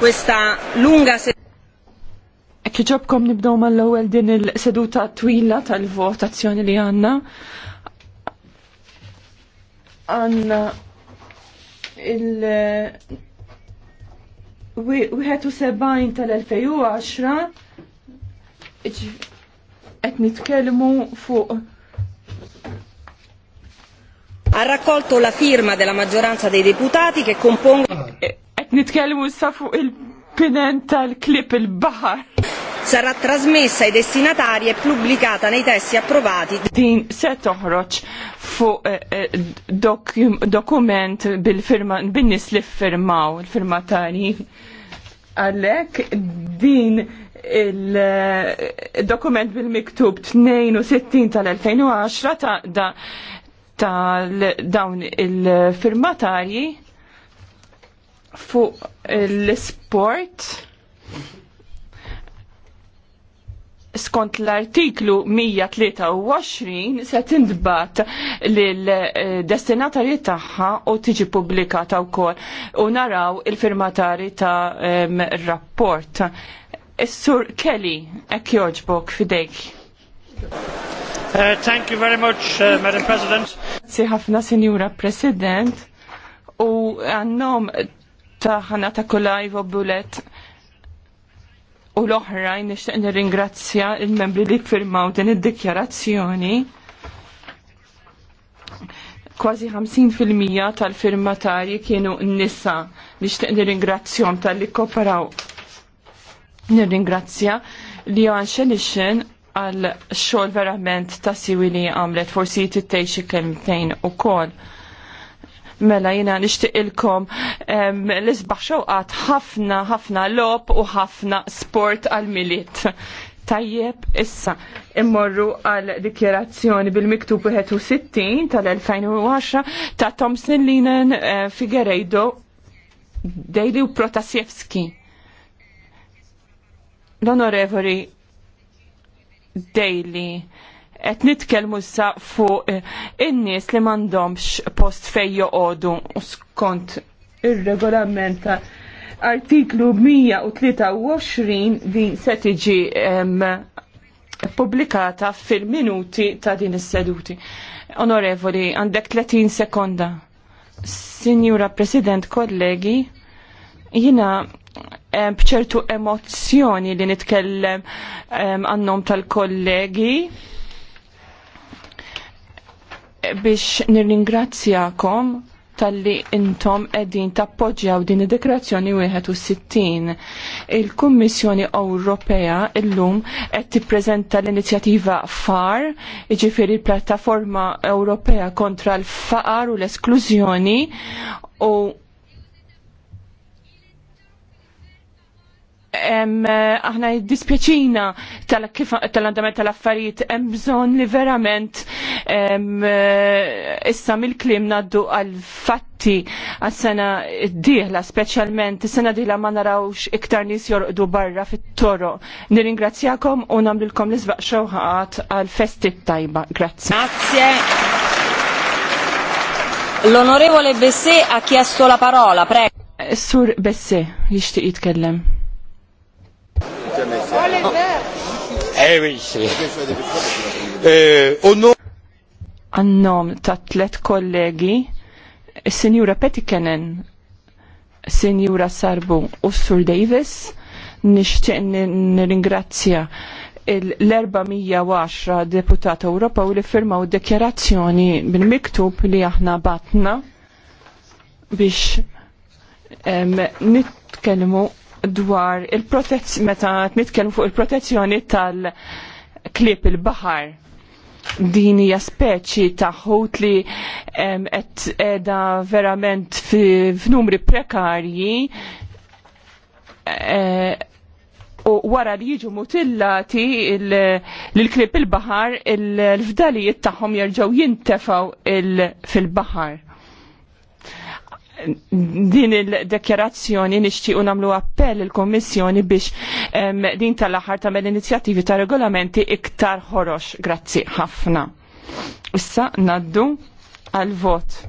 questa lunga seduta. Kħiġobkom nibdow mal-ewel din il-seduta twila tal-votazzjoni li għanna. Għanna il- 71 tal-2010 qed nitkellmu fuq ha raccolto la firma della maggioranza dei deputati che compongono... il klip il-bahar. Sarà trasmessa ai destinatari e pubblicata nei testi approvati. Din se toħroġ fuq eh, eh, dokument bil-firma bin-nies li firmaw il-firmatari. Għalhekk din il-dokument eh, bil-miktub 62 tal-2010 ta' da tal-dawn il-firmatarji fuq l-sport skont l-artiklu 123 se tindbat l-destinatarji tagħha u tiġi pubblikata wkoll u naraw il-firmatari ta' rapport. Is-sur Kelly, ek jogħġbok fidejk. Uh, thank you very much, uh, Madam President. Grazzi ħafna, Sinjura President, u għannom ta' ta' kolajvo bulet u l-oħrajn nixtieq nirringrazzja il-membri li firmaw din id-dikjarazzjoni. Kważi 50% tal firmatari kienu nisa nixtieq nirringrazzjom tal-li kooperaw. Nirringrazzja li għan xelixen għal xogħol verament ta' siwi li għamlet forsi tittej xi kelmtejn ukoll. Mela jina nixtieq ilkom l-isbaħ xewqat ħafna ħafna lop u ħafna sport għal milit Tajjeb issa immorru għal dikjerazzjoni bil-miktub 61 tal-2010 ta' Thompson Linen eh, Figueredo Dejli u Protasjevski. L-onorevoli Daily. Et nitkelmu issa fuq eh, in-nies li m'għandhomx post fejn joqogħdu skont ir-regolament ta' artiklu 123 din se tiġi pubblikata fil-minuti ta' din is-seduti. Onorevoli, għandek 30 sekonda. Signora President, kollegi, Jina bċertu emozjoni li nitkellem għannom tal-kollegi biex nirringrazzjakom tal-li intom edin tappoġġjaw din id-dekrazzjoni 61. Il-Kummissjoni Ewropea illum qed tippreżenta l-inizjattiva FAR, jiġifieri l-Plattaforma Ewropea kontra l-Faqar u l-Esklużjoni u Eh, aħna dispjaċina tal-andament tal-affarijiet hemm bżonn li verament eh, issa mill-kliem naddu għal-fatti għas-sena d-dieħla speċjalment is-sena dieħla ma narawx iktar nies jorqdu barra fit-toro. Nirringrazzjakom u nagħmlilkom l izbaq xoħat għal-festi tajba. Grazie. Grazie. L'onorevole Bessé ha chiesto la parola, prego. Eh, Sur Bessé, jixtieq jitkellem. Eh Annom euh, ta' tlet kollegi, senjura Petikenen, senjura Sarbu u Sur Davis, nixtieq nirringrazzja l-410 deputat u li firmaw dekjerazzjoni bil-miktub li aħna batna biex nitkellmu dwar il-protezzjoni, meta nitkellmu fuq il-protezzjoni tal-klip il-bahar. Din hija speċi ta' ħut li qed qiegħda verament f'numri prekarji eh, u wara li jiġu mutillati l-klip il baħar il-fdalijiet tagħhom jerġgħu jintefgħu fil baħar din il-dekjerazzjoni nixtiequ nagħmlu appell il-Kommissjoni biex din tal-aħħar tagħmel inizjattivi ta' regolamenti iktar ħorox. Grazzi ħafna. Issa naddu għal vot.